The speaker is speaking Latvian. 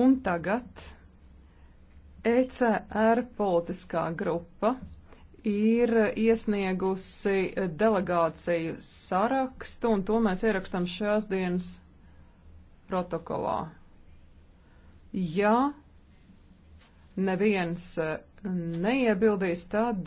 Un tagad ECR politiskā grupa ir iesniegusi delegāciju sarakstu, un to mēs ierakstam šās dienas protokolā. Ja neviens neiebildīs, tad